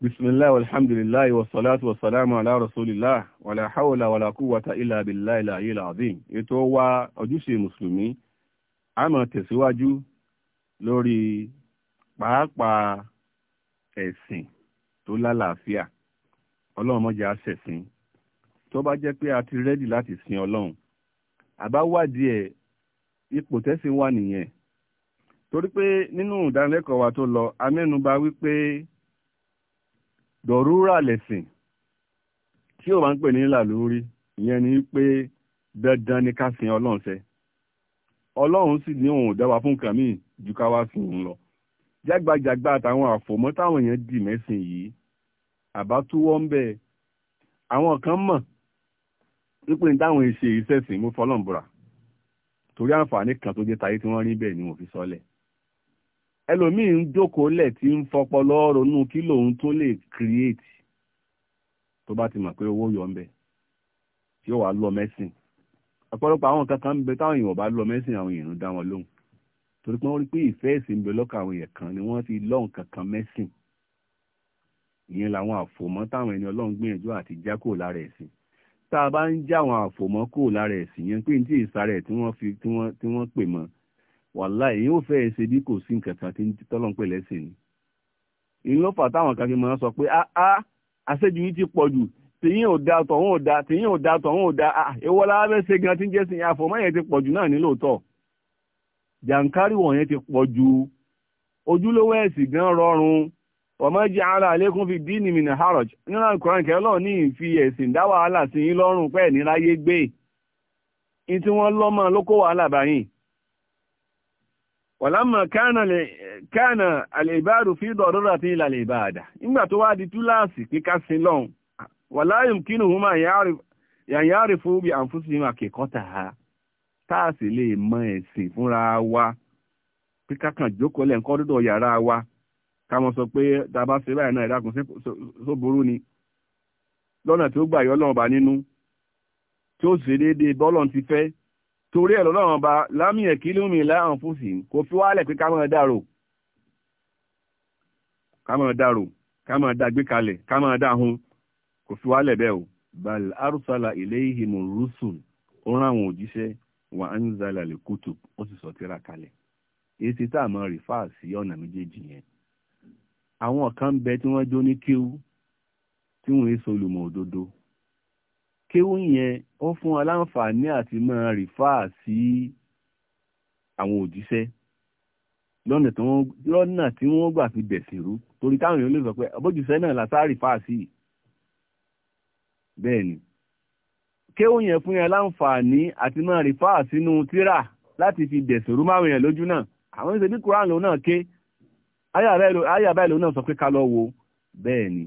bismillah walhamdulillah wa salatu wa salamu ala rasulillah wa la hawla wa la quwwata illa billahi al-aliyyil azim ètò wa ojúṣe mùsùlùmí a máa tẹ̀síwájú lórí pàápàá ẹ̀sìn tó lálàáfíà ọlọ́run mọ́jà ṣẹ̀sìn tó bá jẹ́ pé a ti rẹ́dì láti sin ọlọ́run àbáwádìí ẹ̀ ipò tẹ́sìn wà nìyẹn torí pé nínú ìdánilẹ́kọ̀ọ́ wa tó lọ amẹ́nubà wípé dọ̀rúrà lẹ̀sìn tí ò máa ń pè ní làlórí ìyẹn ni pé dandan ni ká sin ọlọ́run ṣe ọlọ́run sì ní òun dá wa fún nǹkan míì ju ká wá sìn òun lọ jágbajàgba àtàwọn àfòmọ́ táwọn èèyàn dì mẹ́sìn yìí àbá túwọ́ ń bẹ àwọn kan mọ̀ wípé ní táwọn èsì ìṣẹ̀sìn mú fọlọ́ǹbùrà torí àǹfààní kan tó jẹ́ tayé tí wọ́n rí bẹ́ẹ̀ ni wọ́n fi sọ́lẹ̀ ẹlòmíì ń dókòólẹ̀ tí ń fọpọlọ ronú kí lòun tó lè create tó bá ti mọ̀ pé owó yọ ń bẹ̀ tí ó wà lọ mẹ́sìn ọ̀pọ̀lọpọ̀ àwọn kankan ń bẹ táwọn èèyàn bá lọ mẹ́sìn àwọn èèyàn dá wọn lóhùn torí pé wọ́n rí pé ìfẹ́ ẹ̀sìn ń bẹ lọ́kàn àwọn èèyàn kan ni wọ́n ti lọ́hùn kankan mẹ́sìn ìyẹn làwọn àfòmọ́ táwọn ẹni ọlọ́run gbìyànjú àti já kúrò lára ẹ̀sìn tá a bá ń já àwọn àfòmọ́ kúrò lára ẹ̀sìn yẹn pé ní tí ìsàrẹ̀ tí wọ́n pè mọ́ wàláì yóò fẹ́ ṣe bí kò sí nǹkan kan tí tọ́lọ́n pè lẹ́sìn ni. ìlú fà táwọn kan fi máa sọ pé áá ah, ah, àṣejù yìí ti pọ̀ jù tìyín ò da tọ̀hún ò da tìyín ò da tọ̀hún ò da ah, èwo la fẹ́ ṣe gan tí ń jẹ́ sìn àfọ̀mọ́ yẹn ti pọ̀ jù náà ní lóòótọ́ jàǹkárì wọ̀nyẹn ti pọ̀ jù ojúlówó ẹ̀sìn gan rọrùn ọmọ jẹ́ ara àlékún fi dín ní mìnà harrods nínú àkùrán kẹlọ́ ní ìfi ẹ̀sìn dá wàhálà sí yín lọ́rùn pẹ́ẹ̀ ní láyé gbé ní wọ́n lọ́mọ ló kó wàhálà báyìí wàlámà kánà àlèbáàrù fi dọ̀rọ̀rọ̀ àti ìlà àlèbáàdà nígbà tó wá di túláàsì kíká sí lọ́hùn wàláyùm kínú húmà yàyàrí fún bí àǹfúsí húmà kẹkọ́ta ha táàsì lè mọ ẹ̀sìn fúnra wa kíká kan jókòó lẹ́ǹkọ́ dúdọ̀ yàrá wa ká mọ̀ sọ pé dábàá ṣe báyìí náà ìdákun só burú ni lọ́nà tí ó gbà yọ́ lọ́wọ́ torí ẹ̀ lọ́lọ́run ọba lámì ẹ̀kí lómi láhàn fún sí kò fi wálẹ̀ pé ká dárò ká dárò ká máa kalẹ̀ ká máa kò fi wálẹ̀ bẹ́ẹ̀ o bal arusala wa anzala lè kutu ó sì sọ kalẹ̀ èsì tá a sí ọ̀nà méjèèjì yẹn àwọn bẹ tí wọ́n jó ní tí wọ́n ń òdodo kéwú yẹn ó fún wa láǹfààní àti máa rìfà sí àwọn òjíṣẹ́ lọ́nà tí wọ́n lọ́nà tí wọ́n gbà fi bẹ̀sìn rú torí táwọn èèyàn lè sọ pé abójúṣẹ́ náà làtà rìfà sí bẹ́ẹ̀ ni kéwú yẹn fún yẹn láǹfààní àti máa rìfà sínú tírà láti fi bẹ̀sìn rú máwọn èèyàn lójú náà àwọn ìṣèlú Kùránì lòun náà ké ayà báyìí lòun náà sọ pé ká lọ wo bẹ́ẹ̀ ni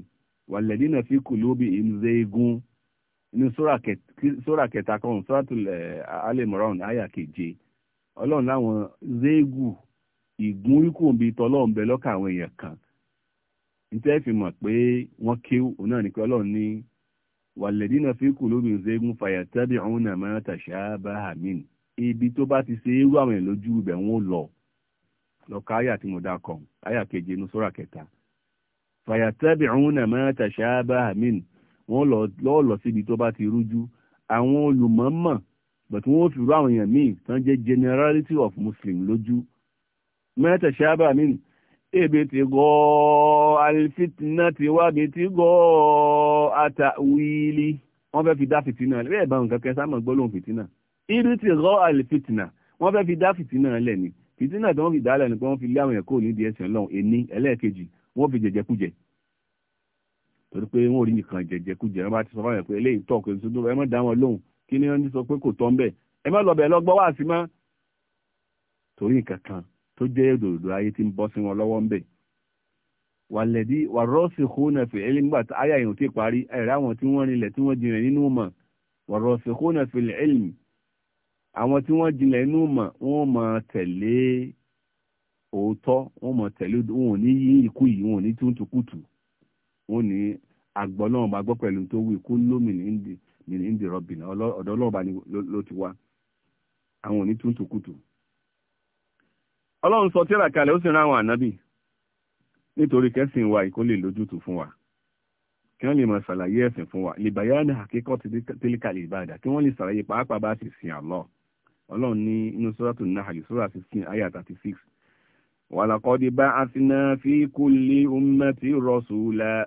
wàlẹ́dínà fi kù lóbi ìmùzẹ́ egun ní sóra kẹta kan suratul eh, Al-Imran àyà keje ọlọ́run láwọn zéégù ìgúnríkùnbí tọlọ́run bẹ lọ́kà àwọn èèyàn kan awon fi mọ̀ pé wọ́n kéwù òun náà ní pé ọlọ́run ní wàlẹ́dínà fi qulubin zéégùn fayattabi'una ma tashabaha min ibi tó bá ti ṣe irú àwọn èèyàn lójú ibẹ̀ wọn ò lọ lo àyà tí mo dá kan àyà keje sóra kẹta wọ́n lọ́ọ́ lọ síbi tó bá ti rújú àwọn olùmọ̀ọ́mọ̀ bọ̀tí wọ́n fi rú àwọn èèyàn míì tán jẹ́ generality of muslim lójú mẹ́tẹ̀ ṣáàbà mi ebi ti gọ́ alifitina ti wá bi ti gọ́ atawili wọ́n fẹ́ fi dá fìtínà lẹ́ bẹ́ẹ̀ bá nǹkan kẹsà mọ̀ gbólóhùn fitina ibi ti gọ́ alifitina wọ́n fẹ́ fi dá fìtínà lẹ̀ ni fìtínà tí wọ́n fi dá lẹ̀ ni pé wọ́n fi lé àwọn ẹ̀kọ́ nídìí ẹ̀sìn ọlọ́run ẹni ẹlẹ́ẹ̀kejì wọ́n fi jẹ̀jẹ̀kújẹ̀ torí pé wọn ò rí nìkan jẹjẹ kú jẹ wọn bá ti sọ fún àwọn pé eléyìí tọ̀ kò sí ẹ má dá wọn lóhùn kí ni wọn ti sọ pé kò tọ́ ń bẹ̀ ẹ má lọ́bẹ̀ lọ gbọ́ wá sí mọ́ torí nǹkan kan tó jẹ́ òdòdó ayé tí ń bọ́ sí wọn lọ́wọ́ ń bẹ̀ wàlẹ́dí wàrọ́ọ̀sì hónà fìlẹ̀ nígbà tí àyà yìí ti parí ẹ̀rẹ́ àwọn tí wọ́n rinlẹ̀ tí wọ́n jinlẹ̀ nínú mọ̀ wàrọ́ọ̀sì hónà fìlẹ̀ ẹ̀lì àwọn tí wọ́n jinlẹ̀ nínú mọ̀ wọ́n mọ̀ tẹ̀lé òótọ́ wọ́n mọ̀ tẹ̀lé wọn ò ní yí ikú yìí wọn ò ní túntùkùtù wọ́n ní àgbọ̀ náà máa gbọ́ pẹ̀lú tó wí kó lómi ní ndì ní ndì ọlọ́ọ̀bá ni ló ti wá àwọn òní tún tòkùtù. ọlọ́run sọ tíra kalẹ̀ ó sì rán àwọn ànábì nítorí kẹ́sìn wa ìkó lè lójútùú fún wa kí wọ́n lè máa ṣàlàyé ẹ̀sìn fún wa lìbàyà ní àkíkọ́ ti kí wọ́n lè ṣàlàyé pàápàá bá sì sìn àlọ́ ọlọ́run ní inú sọ́ràtù náà àyùsọ́rà sixteen ayah thirty six bá a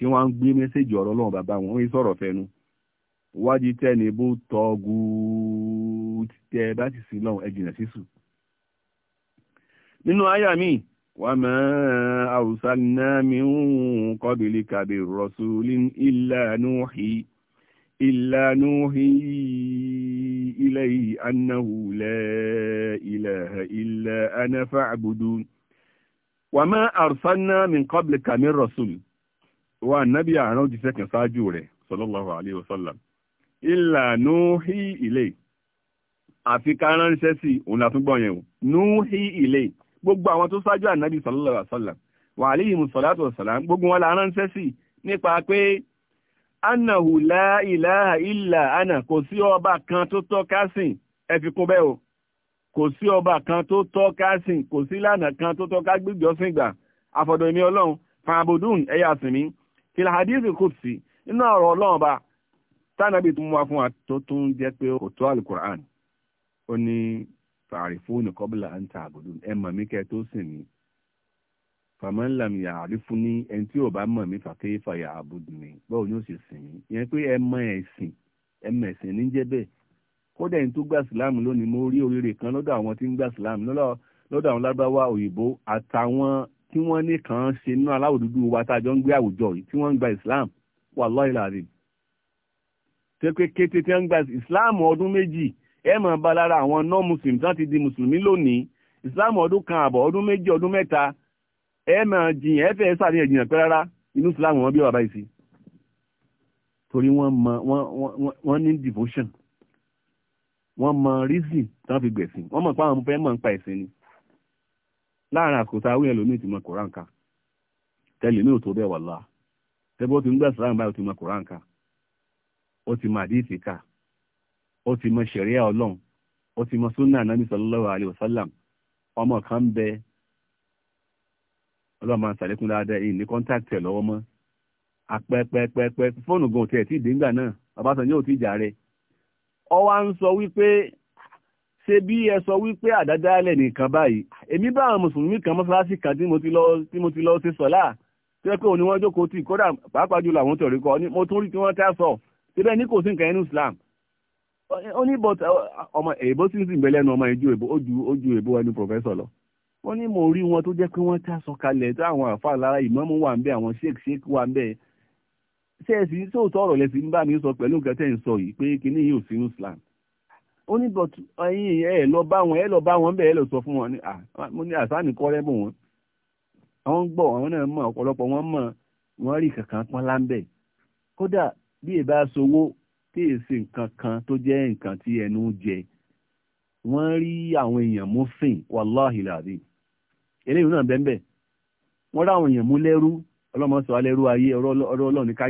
tí wọ́n ń gbé mẹ́sẹ̀jì ọ̀rọ̀ ọlọ́run bàbá wọn ń sọ̀rọ̀ fẹnu wájú tẹ́ni bó tọ́gù tẹ́ bá sì sí lọ́run ẹ̀jìnà sísù. nínú àyà mi wà má àwùsánná mi ń kọ́bìlì kàbí rọ̀ṣúlì ìlànà hì ìlànà hì إليه أنه لا إله إلا أنا فاعبدون وما أرسلنا من قبلك من رسول wa nábì àrán òjíṣẹ́ kan ṣáájú rẹ̀ sallallahu alayhi wa sallam ìlà núhí ilé àfi ká ránṣẹ́ sí òun àtúgbọ̀n yẹn o núhí ilé gbogbo àwọn tó ṣáájú ànábì sallallahu alayhi wa sallam wa alayhimu salatu wa salam gbogbo wọn la ránṣẹ́ sí nípa pé annahu la ilaha illa ana kò sí ọba kan tó tọ́ ká ẹ fi kún bẹ́ẹ̀ o kò sí ọba kan tó tọ́ ká kò sí lánàá kan tó tọ́ ká gbígbọ́sìn gbà àfọ̀dọ̀ èmi ọlọ́run fàbùdùn ẹ̀yà sìn fil hadithil qudsi nínú ọ̀rọ̀ ọlọ́run bá tánàbí tún wá fún wa tó tún jẹ́ pé kò tó alukur'an ó ní ta'rifuni qabla an ta'budun ẹ mọ̀ mí kẹ́ tó sìn mí faman lam ya'rifuni ẹni tí ò bá mọ̀ mí fa kayfa ya'buduni báwo ni ó sì sìn mí ìyẹn pé ẹ mọ̀ ẹ̀sìn ẹ mọ̀ ẹ̀sìn ní jẹ́ bẹ́ẹ̀ kódà ẹni tó gba ìsìláàmù lónìí mo rí oríire kan lọ́dọ̀ àwọn tí ń gba ìsìláàmù lọ́dọ̀ àwọn lárúbáwá òyìnbó àtàwọn tí wọ́n ní kàn án ṣe náà aláwọ̀ dúdú wa tá a jọ ń gbé àwùjọ yìí tí wọ́n ń gba Islam wà lọ́yìn láàrin tẹ́pẹ́ kété tí wọ́n ń gba Islam ọdún méjì ẹ máa bá lára àwọn non-muslim tán ti di mùsùlùmí lónìí Islam ọdún kan àbọ̀ ọdún méjì ọdún mẹ́ta ẹ máa jiyàn ẹ fẹ́ sàríyàn jiyàn pẹ́ rárá inú Islam wọn bí bàbá yìí sí torí wọ́n mọ wọ́n ní devotion wọ́n mọ reason tán fi gbẹ̀sìn wọ́n mọ̀ pé àwọn fẹ́ mọ̀ ń pa ẹ̀sìn ni láàrin àkótá awé ẹlòmíì ti mọ koran ka tẹ́lẹ̀ mi ò tó bẹ́ẹ̀ wà tẹ́bí ó ti ń báyìí ti mọ koran ka ó ti mọ àdìsí ka ó ti mọ ṣẹ̀ríà ọlọ́run ó ti mọ súnà nàbí sallallahu alaihi ọmọ kan bẹ ọlọ́run máa ń sàlékún dáadáa ṣe bí ẹ sọ wípé àdádálẹ̀ nìkan báyìí èmi bá àwọn mùsùlùmí kan mọ́ṣáláṣí kan tí mo ti lọ ṣe sọ̀lá tó yẹ pé òní wọ́n jókòó tì kódà pàápàá jùlọ àwọn tòrí kọ mo tún rí tí wọ́n tá sọ síbẹ̀ ní kò sí nǹkan ẹnu Islam ó ní bọ́t ọmọ èèbó sì ń sìn bẹ́lẹ́ nu ọmọ ìjú èèbó ojú èèbó ẹnu pòfẹ́sọ̀ lọ wọ́n ní mo rí wọn tó jẹ́ pé wọ́n tá sọ kalẹ̀ tó àwọn àfa lára ìmáàmù wà ń bẹ àwọn sheik sheik wà ń bẹ ṣé ẹ sì sóòtọ́ ọ̀rọ̀ lẹ́sìn bá mi sọ pẹ̀lú nǹkan tẹ́ ń sọ yìí pé kinní yìí ò sí Islam ó ní e ẹ̀yin ẹ̀ lọ bá wọn ẹ̀ lọ bá wọn bẹ́ẹ̀ lọ sọ fún wọn mo ní kọ́rẹ́ gbọ́ àwọn náà ọ̀pọ̀lọpọ̀ wọn rí kankan kódà bí ẹ bá sowó tí nǹkan kan tó jẹ́ nǹkan tí ẹnu jẹ wọ́n rí àwọn èèyàn mú fìn wàláhì làdí eléyìí náà bẹ́ẹ̀ bẹ́ẹ̀ rí àwọn èèyàn mú lẹ́rú ayé ọ̀rọ̀ ká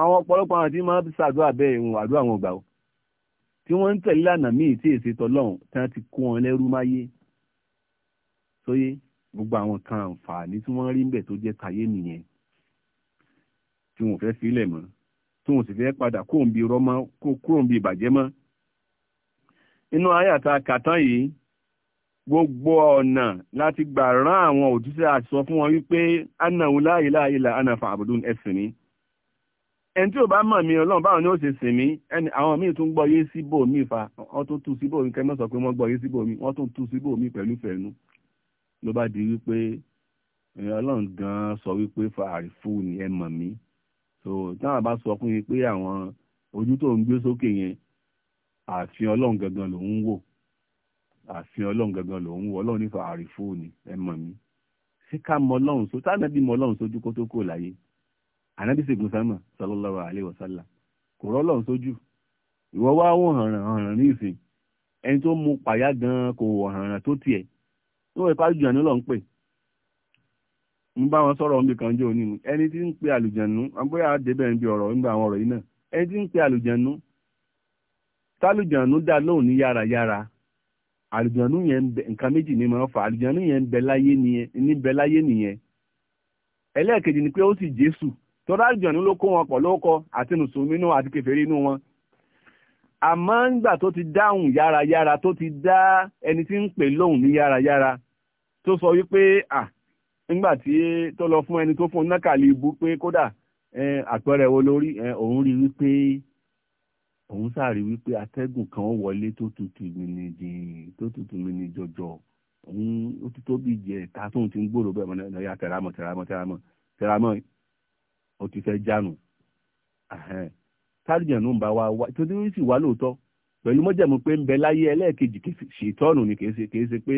àwọn ọ̀pọ̀lọpọ̀ tí wọ́n ń tẹ̀lé lànà míì tí èsì tọ́lọ́hún tí wọ́n ti kó wọn lẹ́rú máyé sóyé gbogbo àwọn kan àǹfààní tí wọ́n rí ń bẹ̀ tó jẹ́ tayé nìyẹn tí wọ́n fẹ́ filẹ̀ mọ́ tí wọ́n sì fẹ́ padà kó ń bi rọ́mọ́ kó kúrò ń bi ìbàjẹ́ mọ́. inú ayàtà kàtán yìí gbogbo ọ̀nà láti gbà rán àwọn òjíṣẹ́ àti sọ fún wọn wípé annahu la ilaha illa ana fa'budun ẹ̀sìn ni ẹni tí ò bá mọ̀ mí ọlọ́run báwọn ni ó ṣe sìn mí ẹni àwọn míì tún gbọ́ yé síbò mí fa wọ́n tún tú síbò mí kẹ́mọ́ sọ pé wọ́n gbọ́ yé síbò mí wọ́n tún tú síbò mí pẹ̀lú fẹ̀nu ló bá di wípé ọlọ́run gan sọ wípé fa àrífù ni ẹ mọ̀ mí so táwọn bá sọ fún mi pé àwọn ojú tó ń gbé sókè yẹn ààfin ọlọ́run gangan ló ń wò ààfin ọlọ́run gangan ló ń wò ọlọ́run nífa àrífù ni ẹ mọ̀ mí ṣé ká mọ ọlọ́run sójú kó tó kó láyé ànábì sì gun sánmà kò rọ kò sójú ìwọ wá wọ́n hànràn hànràn ní ìsìn ẹni tó mu pàyà gan kò wọ̀ hànràn tó tiẹ̀ tó wọ́n ipá jùlọ lọ ń pè ń bá wọn sọrọ níbi kan jẹ́ òní mu ẹni tí ń pe àlùjànnú bóyá débẹ̀ ń bi nígbà àwọn yìí náà ẹni ni máa fa yẹn ń bẹ láyé nìyẹn ẹlẹ́ẹ̀kejì ni pé ó sì torí àjọ̀nú ló kó wọn pọ̀ lóko àti mùsùlùmí inú àti kèfèrí inú wọn àmọ́ ńgbà tó ti dáhùn yárayára tó ti dá ẹni tí ń pè lóhùn ní yárayára tó sọ wípé à ńgbà tí tó lọ fún ẹni tó fún nákàlí ibú pé kódà àpẹẹrẹ wo lórí òun rí wípé òun sáré wípé atẹ́gùn kan wọlé tó tutù mìnìjì tó tutù mìnìjì òun ó ti tó bí jẹ ta tóun ti ń gbòòrò bẹ́ẹ̀ mọ́ náà yá tẹ̀rámọ̀ tẹ̀rámọ̀ tẹ̀rámọ̀ tẹ̀rámọ̀ ó ti fẹ́ jánu tárìjànù ń bá wa wá tó ní sì wá lóòótọ́ pẹ̀lú mọ́jẹ̀mú pé ń bẹ láyé ẹlẹ́ẹ̀kejì ṣètọ́nù ni kìí ṣe kìí ṣe pé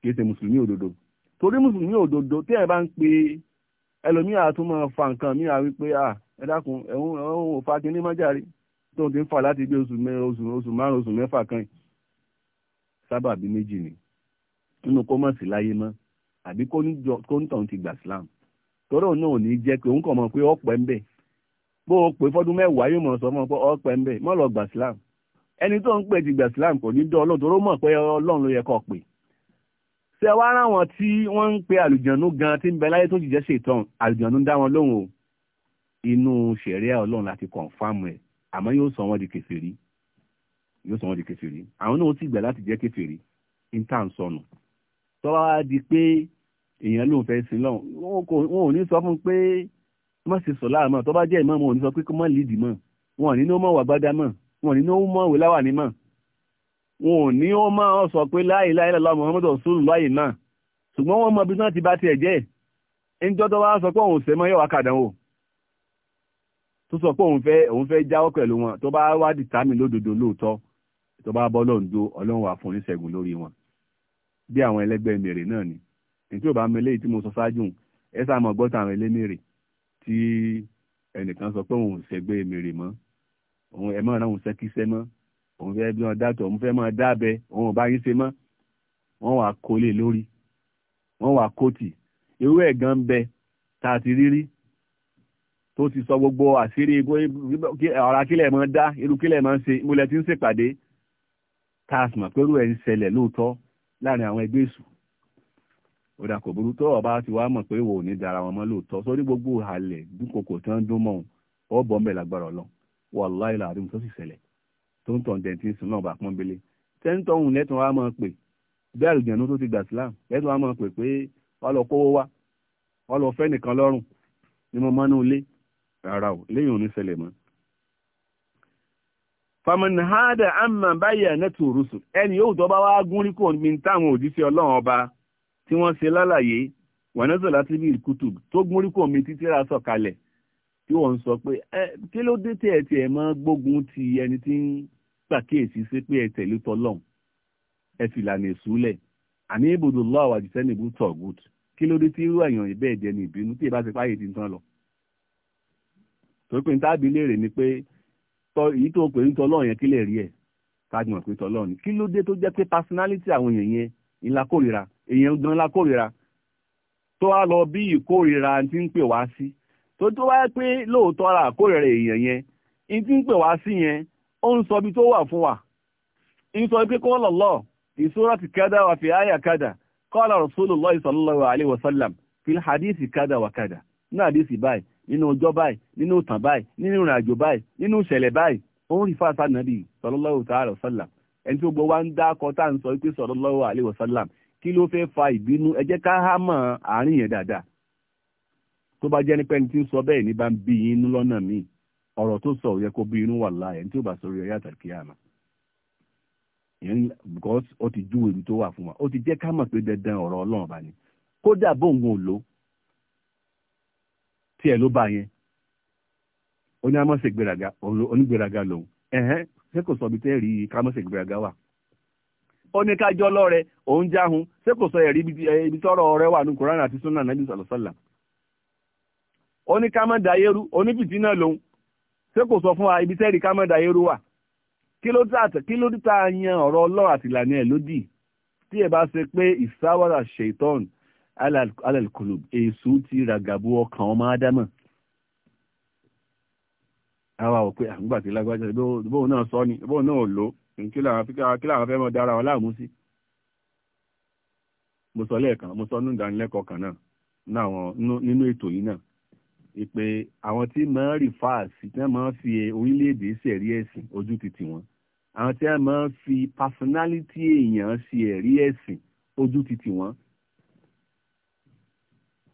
kìí ṣe mùsùlùmí òdodo torí mùsùlùmí òdodo tí ẹ bá ń pe ẹlòmíà tún máa fa nǹkan míà wípé à ẹ dákun ẹ̀hún ẹ̀hún ò fa kinní májàre tó ti ń fà láti bí oṣù oṣù oṣù márùn oṣù mẹ́fà kan sábàbí méjì ni nínú kó láyé mọ́ àbí kó ní tọ̀hún ti gbà sílámù torí òun náà ò ní jẹ́ pé òun kàn mọ̀ pé ọ̀pẹ́ ń bẹ̀ bó o pè fọ́dún mẹ́wàá yóò mọ̀ sọ fún ọ pé ọ̀pẹ́ ń bẹ̀ mọ́ lọ gbà sílám ẹni tó ń pè ti gbà sílám kò ní dán ọlọ́run torí ó mọ̀ pé ọlọ́run ló yẹ kó pè ṣe wá ráwọn tí wọ́n ń pe àlùjànnú gan tí ń bẹ láyé tó jìjẹ́ ṣètàn àlùjànnú dá wọn lóhùn o inú ṣẹ̀ríà ọlọ́run láti kọ̀ǹfàmù ẹ̀ àmọ́ yóò sọ wọ́n di kèfèrí yóò sọ wọ́n di kèfèrí àwọn náà ó ti gbà láti jẹ́ kèfèrí ní tà ń sọnù tọ́wọ́ di èèyàn ló ń fẹ́ sin lọ́hùn wọn ò ní sọ fún pé má ṣe sọ láàmọ́ tó bá jẹ́ ìmọ̀ wọn ò ní sọ pé kó má lídìí mọ́ wọn ò ní ní ó mọ̀ wà gbádá mọ́ wọn ò ní ní ó mọ̀ wí láwà ní mọ́ wọn ò ní ó mọ̀ ọ́ sọ pé láì láì lọ́la Muhammad sùúrù láyè náà ṣùgbọ́n wọ́n mọ ibi náà ti bá tiẹ̀ jẹ́ ẹnjọ́ tó wá sọ pé òun sẹ́mọ́ yóò wá kàdán o tó sọ pé òun fẹ́ òun fẹ́ jáwọ́ pẹ̀lú wọn tó bá wá dìtámì lódodo lóòótọ́ tó bá bọ́ lọ́ǹdó ọlọ́run wà fún bí àwọn ẹlẹ́gbẹ́ mèrè náà ni tí ò bá mi léyìí tí mo sọ ṣáájú ẹ sáà mọ̀ gbọ́tà àwọn elémèrè tí ẹnìkan sọ pé òun ò ṣègbè mèrè mọ́ òun ẹ̀ mọ́ ọ̀nà òun ṣẹ́kíṣẹ́ mọ́ òun fẹ́ bí wọn dàtọ̀ òun fẹ́ máa dábẹ́ òun ò bá yín ṣe mọ́ wọ́n wàá kólé lórí wọ́n wàá kóòtì irú ẹ̀ gan bẹ tá a ti rírí tó ti sọ gbogbo àṣírí ọ̀rá kílẹ̀ máa dá irú kílẹ̀ máa ń ṣe mo lẹ ti ń ṣèpàdé tá a sì mọ̀ pé irú ẹ̀ ń ṣẹlẹ̀ lóòótọ́ láàrin àwọn ẹgbẹ́ èṣù ó dà kò ọba ti wá mọ̀ pé wò ní dara wọn mọ́ lóòótọ́ sórí gbogbo halẹ̀ dúnkokò tán dún mọ́ ọ bọ̀ ń bẹ̀ lágbára ọlọ́ wàláì làárín tó sì ṣẹlẹ̀ tó ń tàn dẹ̀ntì sùn náà bá pọ́n bele tẹ́ńtọ̀ òun lẹ́tọ̀ wá pé tó ti gbà lẹ́tọ̀ wá pé ni mo mọ́nú ilé rárá o léyìn òní ẹni yóò gúnrí kò ọba tí wọ́n ṣe lálàyé wọ̀nẹ́sọ̀ láti bí kutub tó gún ríkò mi títí ra sọ̀kalẹ̀ tí wọ́n ń sọ pé ẹ kí ló dé tiẹ̀ tiẹ̀ mọ́ gbógun ti ẹni tí ń pàkíyèsí sí pé ẹ tẹ̀lé tọ́lọ́n ẹ fìlànà ìsúlẹ̀ àní ibùdó lọ́wọ́ àdìsẹ́ nìbú tọ̀gùt kí ló dé tí irú èèyàn ìbẹ́ ẹ̀jẹ̀ ní ìbínú tí ìbá ti páyé ti tán lọ. torí pé ní ni pé èyí tó pè ní tọ́lọ́run yẹn kí lè rí ẹ̀ tágbọ̀n pé tọ́lọ́run kí ló dé tó jẹ́ pé personality àwọn èèyàn yẹn ńlá kórìíra èèyàn gan la kórìíra tó wá lọ bí ìkórìíra ti ń pè wá sí tó tó wáyé pé lóòótọ́ ra àkórìíra èèyàn yẹn in ti ń pè wá sí yẹn ó ń sọ bí tó wà fún wa ń sọ pé kọ́ lọ́lọ́ ìṣúra ti wà fi àyà kádà kọ́lá rasulullah hadisi báyìí nínú ọjọ́ wa ẹni gbọ́ wá ń dá tá à ń kí ló fẹ́ fa ìbínú ẹ jẹ́ ká há àárín yẹn dáadáa tó bá jẹ́ nípa ẹni tí ń sọ bẹ́ẹ̀ ní bá ń bí inú lọ́nà mi ọ̀rọ̀ tó sọ yẹ kó bí inú wà láàyè tí ó bá sọ̀rọ̀ ọyá because ó ju tó wà fún wa ó ti jẹ́ ká dandan ọ̀rọ̀ ọlọ́run bá kódà bóun lò tí ẹ ló bá kò sọ tẹ́ rí i ká ó ní kájọ́ lọ́rẹ ahụ jáhun kò sọ ibi eh, tọrọ ọ̀rẹ́ wà ní kòránà àti súnà nàbí sàlọ́sàlà ó ní ká má náà lòun kò sọ fún wa ibi tẹ́rì ká má dayérú wà kí ló tá yan ọ̀rọ̀ ọlọ́run àtìlànà ẹ̀ lódì tí ẹ bá ṣe pé ṣètọ́n ti ràgàbù ọkàn ọmọ ádámà àwa ò pé àgbàtí lágbájá bóun náà sọ ni bóun náà lò ó kí làwọn fẹ́ mọ́ dára wọn láàmú sí mo sọ lẹ́ẹ̀kan mo sọ nínú ìdánilẹ́kọ̀ọ́ kan náà nínú ètò yìí náà ìpè àwọn tí máa ń rí fáàsì tí wọ́n máa ń fi orílẹ̀-èdè ṣẹ̀rí ẹ̀sìn ojú títì wọn àwọn tí wọ́n máa ń fi pásánálítì èèyàn ṣe ẹ̀rí ẹ̀sìn ojú títì wọn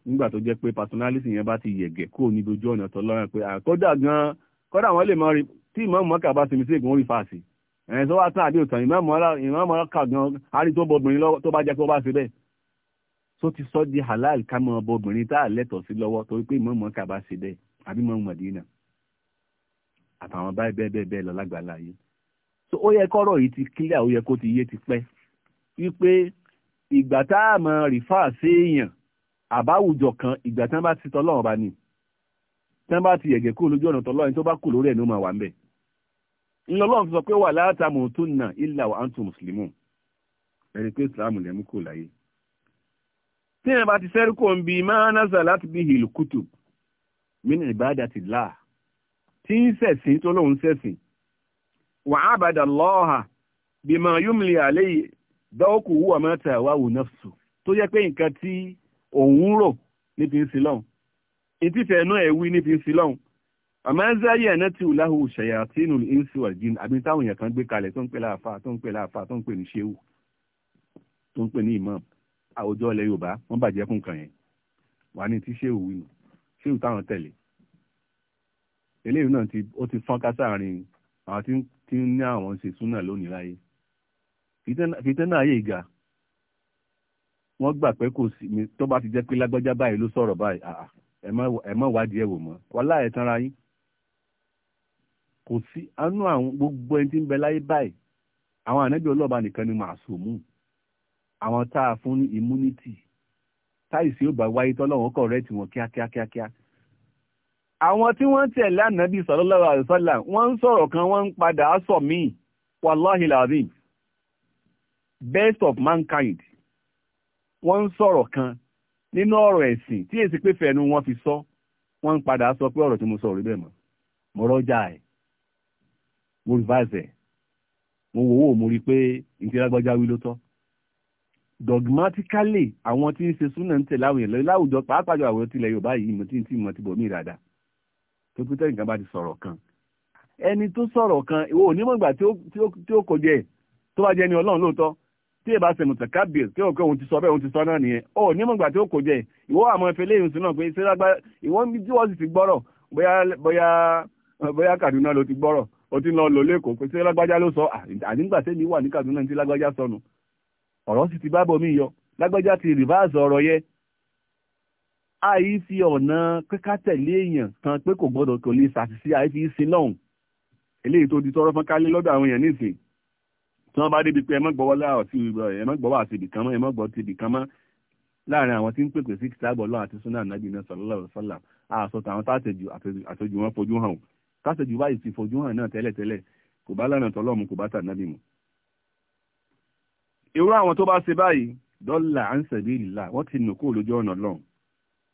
nígbà tó jẹ́ pé pásánálítì yẹn bá ti yẹ̀gẹ̀ kúrò níbi ojú ọ̀nà tọ́lọ́rùn pé àkọ́dà gan-an kọ́dà wọ́n lè mọ rí tí ìmọ̀ mọ́kà bá ti mi sí ègún orí fáàsì ẹ̀yìn tó wá tán àbí òtàn ìmọ̀ọ́mọ́ ọ̀kà gan arí tó bọ́bìnrin lọ́wọ́ tó bá jẹ́ pé bá ṣe bẹ́ẹ̀ tó ti sọ di halal ká mọ ọbọ̀bìnrin tá a lẹ́tọ̀ọ́ sí lọ́wọ́ torí pé ìmọ̀ọ́mọ́ ọ̀kà bá ṣe bẹ́ẹ̀ àbí mọ̀ mọ̀dínà àtàwọn báyìí bẹ́ẹ̀ bẹ́ẹ̀ bẹ́ẹ̀ lọ lágbàlá yìí so ó yẹ kọ́rọ̀ yìí ti clear ó yẹ kó ti yé ti pẹ́ wípé ìgbà tá a mọ rìfà sí èèyàn àbáwùjọ kan ìgbà tí wọ́n bá ti tọ́lọ́run ńlọ́lọ́run sọ pé wà látàmù tó nà ilà wà áńtù mùsùlùmù ẹni pé ìsìláàmù lẹ́mú kò láyé tí ìyẹn bá ti sẹ́rí kò ń bi máa násà láti bí hìlù kùtù mínú ìbáàdà ti là tí ń sẹ̀sìn tó lóun sẹ̀sìn wà á bàdà lọ́ọ̀hà bí máa yóò mìlì àlẹ́ yìí dọ́ọ̀kù wúwà máa tà wá wù náfsù tó jẹ́ pé nǹkan tí òun rò ní ń sin ìtìfẹ́ náà ẹ̀ wí ní ń sin ọmọ ẹ̀záyé ẹ̀nà tí ìlàhùn ṣẹ̀yà tí inú ìṣù ọ̀jìn àbí táwọn èèyàn kan gbé kalẹ̀ tó ń pè láàfà tó ń pè láàfà tó ń pè ní ṣéwù tó ń pè ní ìmọ̀ àwùjọ ilẹ̀ Yorùbá wọ́n bàjẹ́ kún kan yẹn wà ní tí ṣéwù wí nù ṣéwù táwọn tẹ̀lé eléyìí náà ti ó ti fọ́n ká sáàrin àwọn tí ń ní àwọn ṣe súnà lónìí láyé fìtẹ́ náà ayé ìgà wọ́n gbà pé kò sí tó bá ti jẹ́ pé lágbájá báyìí ló sọ̀rọ̀ báyìí ẹ má wádìí ẹ̀ wò mọ́ wọ́n láyẹ̀ tanra yín kò sí anú àwọn gbogbo ẹni tí ń bẹ láyé báyìí àwọn ànábì ọlọ́ọ̀bá nìkan ni màsùmù àwọn tá a fún ní immunity táìsí ò bá wáyé tọ́lọ́wọ́n kọ̀ rẹ́ẹ̀tì wọn kíákíá àwọn tí wọ́n tẹ̀lé ànábì bíi alaihi wasallam wọ́n ń sọ̀rọ̀ kan wọ́n ń padà sọ míì wàláhì làbín best of mankind wọ́n ń sọ̀rọ̀ kan nínú ọ̀rọ̀ ẹ̀sìn tí èsì pé fẹ́nu wọn fi sọ wọ́n ń padà sọ pé ọ̀rọ̀ tí mo sọ̀rọ̀ bẹ́ẹ̀ mọ́ mo rọ́jà ẹ̀ mo rìváìsẹ̀ mo wò wò mo rí i pé ìtìlágbájá wí ló tọ́ dogmatically àwọn tí ń ṣe súnà ń tẹ̀lé àwọn èèyàn láwùjọ pàápàá jọ àwọn tilẹ̀ Yorùbá yìí mo ti ń tì mọ́ ti bọ̀ mí ìràdà tó pété nǹkan bá ti sọ̀rọ̀ kan ẹni tó sọ̀rọ̀ kan ìwọ onímọ̀ ìgbà tí ó kọjá ẹ̀ tó bá jẹ́ ni Ọlọ́run lóòótọ́ tí ẹ bá ṣe mùtàkà bíl tí òkè òun ti sọ bẹ́ẹ̀ òun ti sọ náà nìyẹn ó ní mọ̀gbà tí ó kò jẹ ìwọ àmọ́ ìfẹ́ lẹ́yìn sí náà pé ṣé lágbá ìwọ tí wọ́n sì ti gbọ́rọ̀ bóyá bóyá bóyá Kaduna ló ti gbọ́rọ̀ o ti lọ lò lẹ́kọ̀ọ́ pé ṣé lágbájá ló sọ àdíngbà tẹ́mi wà ní Kaduna tí lágbájá sọnù ọ̀rọ̀ sì ti bá bọ̀ mí yọ lágbájá ti rìváàsì ọ̀rọ̀ yẹ àì fi ọ̀nà kíká tẹ̀lé èèyàn kan pé kò gbọ́dọ̀ kò lè ṣàṣìṣe àì fi sin lọ́hùn eléyìí tó di tọrọ fún kálé lọ́dọ̀ àwọn èèyàn nísìn tí wọ́n bá débi pé ẹmọ́ gbọ́wọ́ láàrọ̀ sí ẹmọ́ gbọ́wọ́ àti ibìkan mọ́ ẹmọ́ gbọ́ ti ibìkan mọ́ láàrin àwọn àti sunnah kásẹ̀ jù báyìí ti fojú hàn náà tẹ́lẹ̀tẹ́lẹ̀ kò bá lànà tọ́lọ́mù kò bá tànábì mu. irú àwọn tó bá ṣe báyìí dọ́là à ń sẹ̀bí ìlà wọ́n ti nù kó lójú ọ̀nà lọ́n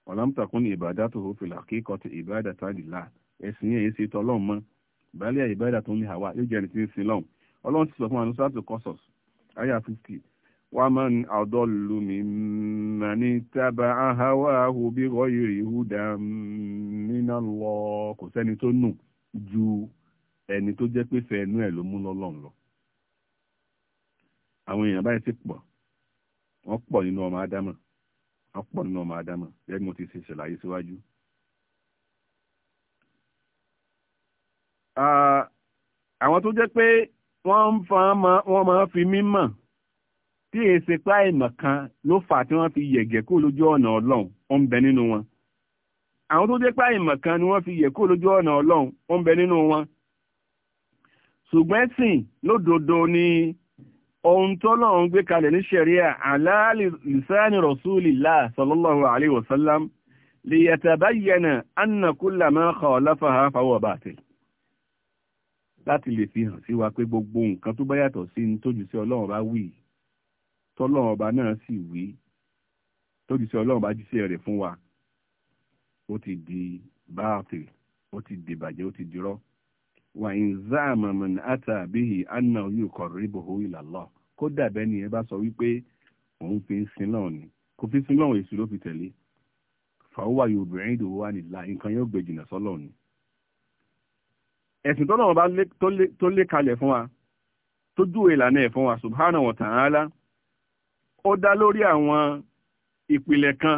ọ̀làmùtàkùn ní ìbàdà tó fòfin àkíkọ́ ti ìbàdà tàdìlà ẹ̀sìn yẹn èsì tọ́lọ́m mọ́ ìbálẹ̀ ìbàdà tó ní àwa yóò jẹ́rìí tí ń sin lọ́hùn ọlọ́run ti sọ fún anusá tó kọ́sọ̀s àyà fifty wàá máa ń àdọ́ lumi mà ní tábà áháwáhù bí rọ́ ìrì húdà mí náà lọ kò sẹ́ni tó nù ju ẹni tó jẹ́ pé fẹ́ ẹnu ẹ̀ ló mú lọ́lọ́run lọ àwọn èèyàn báyìí ti pọ̀ wọ́n pọ̀ nínú ọmọ ádámà wọ́n pọ̀ nínú ọmọ ádámà gẹ́gẹ́ mo ti ṣe ṣàlàyé síwájú. àwọn tó jẹ́ pé wọ́n máa fi mímọ̀ tí èsì pa ìmọ̀ kan ló fà tí wọ́n fi yẹ̀gẹ̀ kó lójú ọ̀nà ọlọ́run ó ń bẹ nínú wọn àwọn tó jẹ́ pé àìmọ̀ kan ni wọ́n fi yẹ̀ kó lójú ọ̀nà ọlọ́run ó ń bẹ nínú wọn ṣùgbọ́n ẹ̀sìn lódodo ni ohun tọ́lọ́run gbé kalẹ̀ ní ṣẹ̀ríà ala lisani rasulillah sallallahu alayhi wa sallam liyatabayyana anna kulla ma khalafaha fahuwa batil láti lè fi hàn sí wa pé gbogbo nǹkan tó bá yàtọ̀ sí ní tójú sí ọlọ́run bá wí tọ́lọ́run ọba náà sì wí tójú sí ọlọ́run bá jíṣẹ́ rẹ̀ fún wa ó ti di báàtìl ó ti di bàjẹ́ ó ti di rọ́ wà ń záàmà mọ̀nà àtà bíi anna yóò kọ̀ ríbo owó ìlàlọ́ kódà bẹ́ẹ̀ ni ẹ bá sọ wípé òun fi ń sin náà ni kò fi sin náà èṣù ló fi tẹ̀lé fàwọ́wà yorùbìnrin ìdòwò wà nílá nǹkan yóò gbé jìnnà sọ́lọ́ ni. ẹ̀sìn tọ́lọ́wọ́n bá tó lé kalẹ̀ fún wa tó júwe ìlànà ẹ̀ fún wa subhanahu wa ta'ala ó dá lórí àwọn ìpìlẹ̀ kan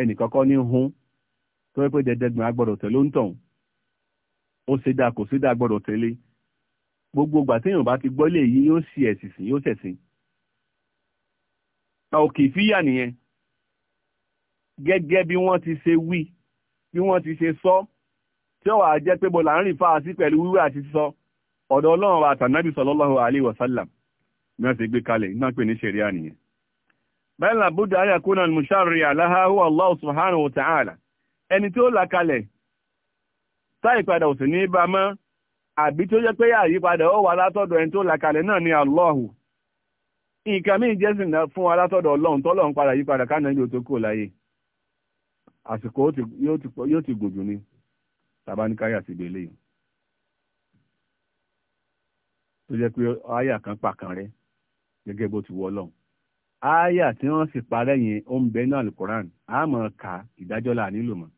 ẹnìkọ́kọ́ ní hun tó yẹ pé dẹ̀dẹ̀gbọ̀n agbọ́dọ̀ tẹ̀lé ń tọ̀hún ó ṣe dáa kò ṣe dáa gbọ́dọ̀ tẹ̀lé gbogbo ìgbà téèyàn bá ti gbọ́ lè yí yóò ṣì ẹ̀sìn sí yóò ṣẹ̀sìn òkè fíyà nìyẹn gẹ́gẹ́ bí wọ́n ti ṣe wí bí wọ́n ti ṣe sọ tí ó wà jẹ́ pé bọ́lá ń rìn fáa sí pẹ̀lú wíwí àti sísọ ọ̀dọ̀ ọlọ́run àtànábì sallallahu alaihi wasallam ni wọ́n ti gbé kalẹ̀ iná pè ní ṣẹ̀ríà nìyẹn bẹ́ẹ̀ làbúdà ayàkúnà mùsàárì aláháhù Allah subhanahu wa ta'ala ẹni tí ó làkalẹ̀ táìpadà ò sì ní bá mọ́ àbí tó jẹ́ pé àyípadà ó wà látọ̀dọ̀ ẹni tó làkalẹ̀ náà ni Allahu nǹkan míì fún wa látọ̀dọ̀ ọlọ́run tọ́lọ́run padà yípadà ká nàìjíríà tó kò láyé àsìkò yóò ti gùn ni tàbáníkáyà sì gbélé yìí tó jẹ́ pé kan rẹ gẹ́gẹ́ ááyà tí wọ́n sì parẹ́ yẹn ó ń bẹ náà alukoran á mọ̀ ká ìdájọ́ là nílò mọ́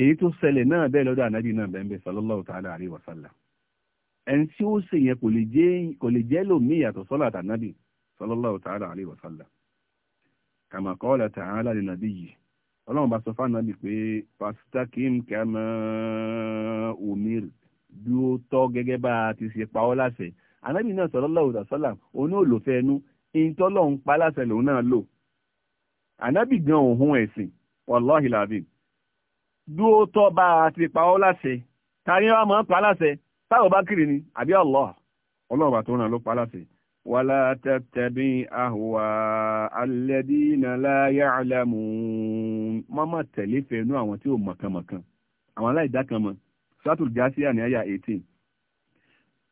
èyí tó ṣẹlẹ̀ náà bẹ́ẹ̀ lọ́dọ̀ ànábì náà bẹ́ẹ̀ bẹ́ẹ̀ sallallahu ta'ala alaihi wa sallam ẹni tí ó ṣe yẹn kò lè jẹ́ lòmí ìyàtọ̀ sọ́lá àtànábì sallallahu ta'ala alaihi wa sallam kama qala ta'ala li nabiyyi ọlọ́run bá sọ fáànàbì pé pastakim ànábì náà sallallahu alaihi wasallam òun náà lò fẹ́ẹ́nu ìtọ́lọ̀ ń pa aláṣẹ lòun náà lò ànábì gan òun ẹ̀sìn wàláhì làbí dúó tọ́ bá a ti pa ọ́ láṣẹ tani wàá máa pa aláṣẹ táwọn bá kiri ni àbí Allah ọlọ́run bá tó ràn ló pa aláṣẹ. wàlá tẹ̀tẹ̀bí àhùwà alladina la ya'lamun mọ́mọ́ tẹ̀lé fẹ́ẹ́nu àwọn tí ò mọ̀kànmọ̀kàn àwọn aláìdákanmọ̀ sátùl jásíà ní àyà 18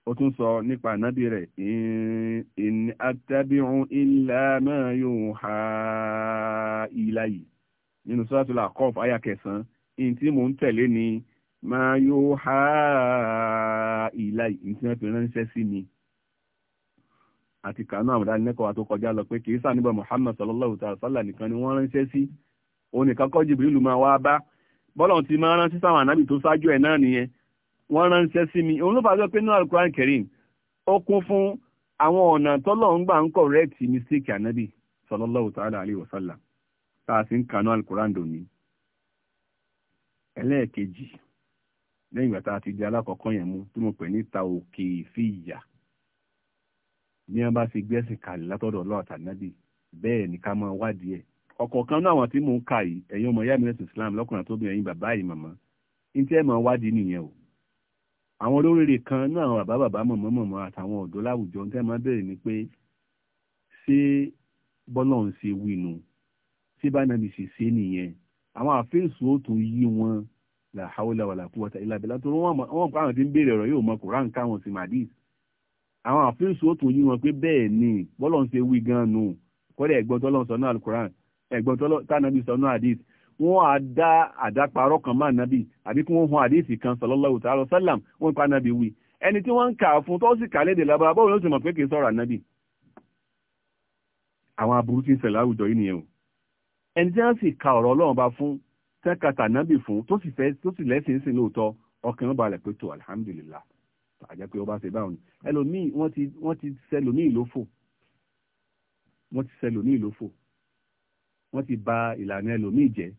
ó tún sọ nípa ànábì rẹ̀ in attabi'u illa ma yuha ilayya nínú suratul A'raf àyà kẹsàn-án in tí mò ń tẹ̀lé ni ma yuha ilayya in tí wọ́n fi ránṣẹ́ sí mi àti kàánú àwọn ìdánilẹ́kọ̀ọ́ àti kọjá lọ pé kìí sàníbà Muhammad sallallahu ta'ala sallam nìkan ni wọ́n ránṣẹ́ sí òun nìkan kọ́ Jibrilu máa wá bá bọ́lọ̀ ti máa ránṣẹ́ sáwọn ànábì tó ṣáájú ẹ̀ náà nìyẹn wọ́n ránṣẹ́ sí mi òun ló fàájọ́ pé nínú Al-Qur'an ó kún fún àwọn ọ̀nà ń gbà ń correct mistake ànábì sallallahu ta'ala alayhi wa tá a sì ń kanú Al-Qur'an dòní. ẹlẹ́ẹ̀kejì lẹ́yìn ìgbà tá a ti di alákọ̀ọ́kọ́ yẹn mú tí mo pè ní ta òkè ìfìyà ní bá fi gbẹ́sìn kalẹ̀ látọ̀dọ̀ àwọn olóríire kan náà àwọn bàbá bàbá mọ̀mọ́ mọ̀mọ́ àtàwọn ọ̀dọ́ láwùjọ ń tẹ́ máa bẹ̀rẹ̀ ni pé ṣé bọ́lọ̀ ń ṣe winu ṣé bá nàbì ṣe ṣe nìyẹn àwọn àfẹ́sù ó tún yí wọn la hawla wala quwwata illa billah tó wọ́n pa àwọn tí ń béèrè ọ̀rọ̀ yóò mọ Kùránì káwọn sì màdís àwọn àfẹ́sù ó tún yí wọn pé bẹ́ẹ̀ ni bọ́lọ̀ ń ṣe wí gan-an nù kọ́dẹ̀ ẹ̀gbọ́n tọ́lọ́ wọ́n á dá àdáparọ́ kan máa nábì àbí kí wọ́n hun àdéhìsì kan sallallahu ta'ala sallam wọ́n pa nábì wí ẹni tí wọ́n ń kà fún tó sì kàlédè lábá báwo ló ti mọ̀ pé kì í sọ̀rọ̀ ànábì àwọn aburú ti ń ṣẹlẹ̀ láwùjọ yìí nìyẹn o ẹni tí wọ́n sì ka ọ̀rọ̀ ọlọ́run bá fún tẹ́ka tànábì fún tó sì lẹ́sìn sí lóòótọ́ ọkàn wọn balẹ̀ pé tó alhamdulillah àjẹ́ pé ó bá ṣe báwọn ni ẹlòmíì wọ́n ti wọ́n ti ṣẹlòmíì lófò wọ́n ìlànà ẹlòmíì jẹ́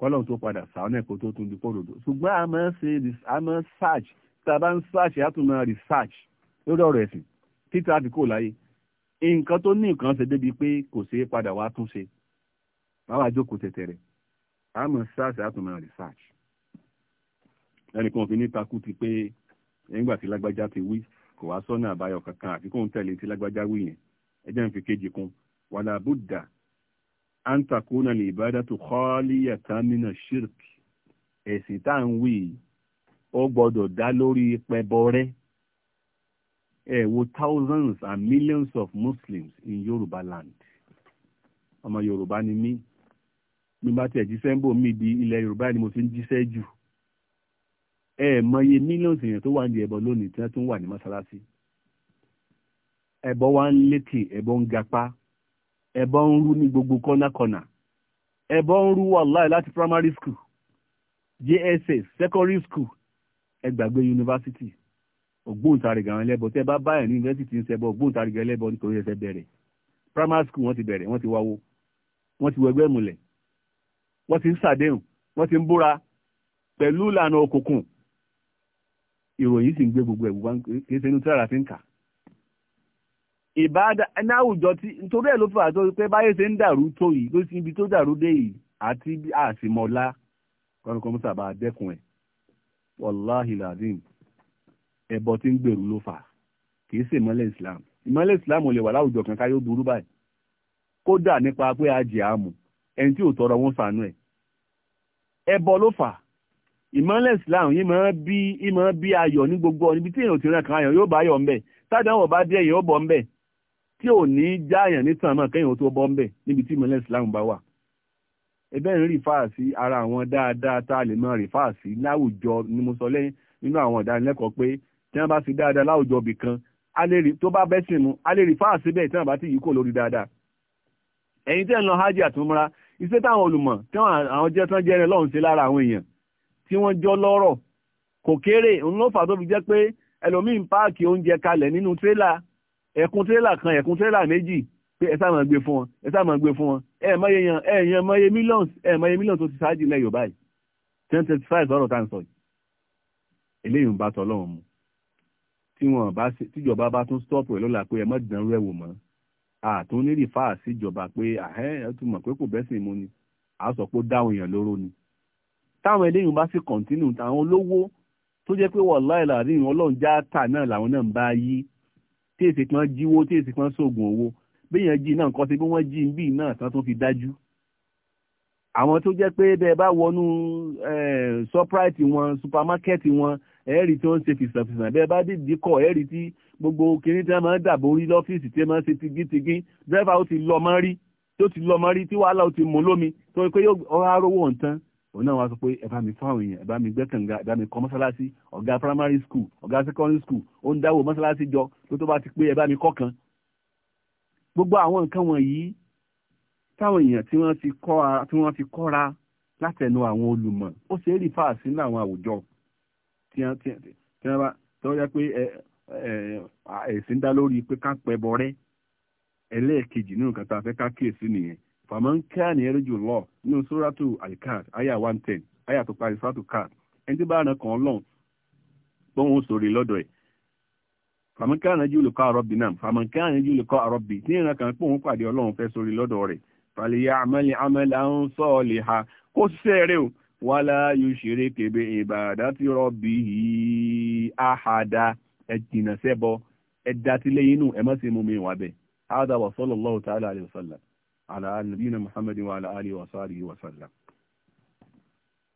kọ́lọ̀ tó padà sàánà ẹ̀kọ́ tó tún di pọ́dọ̀dọ̀ ṣùgbọ́n a máa ń ṣe a máa ń search tá a bá ń search a tún máa research lórí ọ̀rọ̀ ẹ̀sìn títà fi kò láyé nǹkan tó ní nǹkan ṣe débi pé kò ṣeé padà wá tún ṣe máa wá jókòó tẹ̀tẹ̀ rẹ̀ a máa ń search a tún máa research ẹnìkan fi ní takú ti pé nígbà tí lágbájá ti wí kò wá sọ́nà àbáyọ kankan àfikún tẹ̀lé tí lágbájá wí yẹn ẹ jẹ́ fi kejì kún wàlàbùdà an takuna lè ìbádá tó khaliyatan mina shirk ẹ̀sìn tá à ń wí ó gbọ́dọ̀ dá lórí pẹbọrẹ ẹ wo thousands and millions of Muslims in Yoruba land ọmọ Yorùbá ni mí mi bá tiẹ̀ jíṣẹ́ ń bò mí di ilẹ̀ Yorùbá ni mo ti ń jíṣẹ́ jù ẹ mọye millions èèyàn tó wà ní ẹbọ lónìí tí wọ́n tún wà ní mọ́ṣáláṣí ẹbọ wa ń lékè ẹbọ ń gapá ẹbọ ń rú ní gbogbo kọ́nàkọ́nà ẹbọ ń rú wàláì láti primary school jss secondary school ẹgbàgbé university ògbóǹtarìgì àwọn ẹlẹ́bọ tẹ́ bá bá ní university ń ṣẹbọ ògbóǹtarìgì ẹlẹ́bọ nítorí ẹsẹ̀ bẹ̀rẹ̀ primary school wọ́n ti bẹ̀rẹ̀ wọ́n ti wáwó wọ́n ti wẹgbẹ́ ìmùlẹ̀ wọ́n ti ń ṣàdéhùn wọ́n ti ń búra pẹ̀lú ìlànà òkùnkùn ìròyìn sì ń gbé gbogbo ẹ̀wù wá kí ṣe inú fi ń kà ìbáadà ní àwùjọ tí nítorí ẹ̀ ló fà tó pé báyé ṣe ń dàrú tó yìí ló ibi tó dàrú dé yìí àti àṣìmọ̀lá kọ́nìkan mú sàbà dẹ́kun ẹ̀ wàláhì làdín ẹ̀bọ tí ń gbèrú ló fà kì í ṣe Islam ìmọ́lẹ̀ Islam ò wà láwùjọ kankan burú báyìí kódà nípa pé àmù ẹni tí tọrọ wọn ẹ ló fà ìmọ́lẹ̀ Islam yìí máa bí ayọ̀ ní gbogbo níbi tí èèyàn ti rìn kan ayọ̀ yóò bá ayọ̀ tí ò ní jáàyàn nítàn náà kẹ́yìn tó bọ́m̀bẹ̀ níbi tí ìmọ̀lẹ̀ Islam bá wà ẹbẹ́ ń rí fáà sí ara àwọn dáadáa tá a lè máa rí fáà sí láwùjọ ni mo sọ lẹ́yìn nínú àwọn ìdánilẹ́kọ̀ọ́ pé tí wọ́n bá sí dáadáa láwùjọ bì kan tó bá bẹ́ sínú a lè rí fáà síbẹ̀ tí wọ́n bá ti yí kò lórí dáadáa ẹ̀yin tẹ́ ń lọ hajj àtúmọ́ra iṣẹ́ táwọn olùmọ̀ tí àwọn jẹ́ tán jẹ́rẹ́ lọ́hùn sí lára àwọn èèyàn tí wọ́n jọ lọ́rọ̀ kò kéré òun ló fà tó fi jẹ́ pé ẹlòmíín páàkì oúnjẹ kalẹ̀ nínú tírélà ẹ̀kún tírélà kan ẹ̀kún tírélà méjì pé ẹ sáàmà gbé fún wọn ẹ sáàmà gbé fún wọn ẹ mọye yan ẹ yan mọye millions ẹ mọye millions tó ti ṣáájú ilẹ̀ yorùbá yìí ten thirty five lọ́rọ̀ tá à ń sọ yìí eléyìí ń bá tọ́ lọ́wọ́ mu tí wọn bá tíjọba bá tún stop rẹ̀ lọ́la pé ẹ mọ̀ dán rẹ̀ wò mọ́ àtún ní rìfà síjọba pé àhẹ́ ẹ tún mọ̀ pé kò bẹ́sìn mu ni àá sọ pé ó dáhùn èèyàn lóró ni táwọn eléyìí bá sì continue táwọn olówó tó jẹ́ pé wọ́n láìláàrin ọlọ́run já tà náà làwọn náà ń bá yí tí èsì kan jíwó tí èsì kan sóògùn owó béèyàn jí náà nǹkan sí bí wọ́n jí ń bì náà tán tó fi dájú. àwọn tó jẹ́ pé bẹ́ẹ̀ bá wọnú surprise wọn supermarket wọn ẹ̀ẹ́rì tí wọ́n ń ṣe fìsànfìsàn bẹ́ẹ̀ bá dìdí kọ̀ ẹ̀ẹ́rì tí gbogbo kìnní tí wọ́n máa ń dàbò orí lọ́fíìsì tí wọ́n máa ń ṣe tigítigi dírẹ́fà ó ti lọ mọ́ tó ti lọ mọ́ tí wàhálà ó ti mú lómi tó yẹ pé yóò rówó ọ̀ǹtán òun náà wàá sọ pé ẹ bá mi fáwọn èèyàn ẹ bá mi gbẹ́kànga ẹ bá mi kọ́ mọ́sálásí ọ̀gá primary school ọ̀gá secondary school ó ń dáwọ́ mọ́sálásí jọ pé tó bá ti pé ẹ bá mi kọ́ kan gbogbo àwọn nǹkan wọ̀nyí táwọn èèyàn tí wọ́n ti kọ́ra ti àwọn olùmọ̀ ó ṣe é rí fáà sínú àwọn àwùjọ tí wọ́n tí wọ́n pé ẹ̀sìn dá lórí pé ká pẹ́ bọ́rẹ́ ẹlẹ́ẹ̀kejì nínú tá a fẹ́ ká kíyèsí nìyẹn alikad aya one ten aya tó fàmíkà ànájú lè kọ́ àrọ́bì náà fàmíkà ànájú lè kọ́ àrọ́bì ní ìran kan pé òun pàdé ọlọ́run fẹ́ sórí lọ́dọ̀ rẹ̀ fàlẹ́yà àmẹ́lẹ́ àmẹ́lẹ́ à ń sọ lè ha kó ṣiṣẹ́ rẹ̀ o wà láàyò ṣeré kébé ìbàdà tí rọ́bì yìí àhàdà ẹ̀ jìnà sẹ́bọ ẹ̀ dátìlẹ́yìn inú ẹ̀ má sì wà bẹ́ẹ̀ hádà wà sallallahu ta'ala alayhi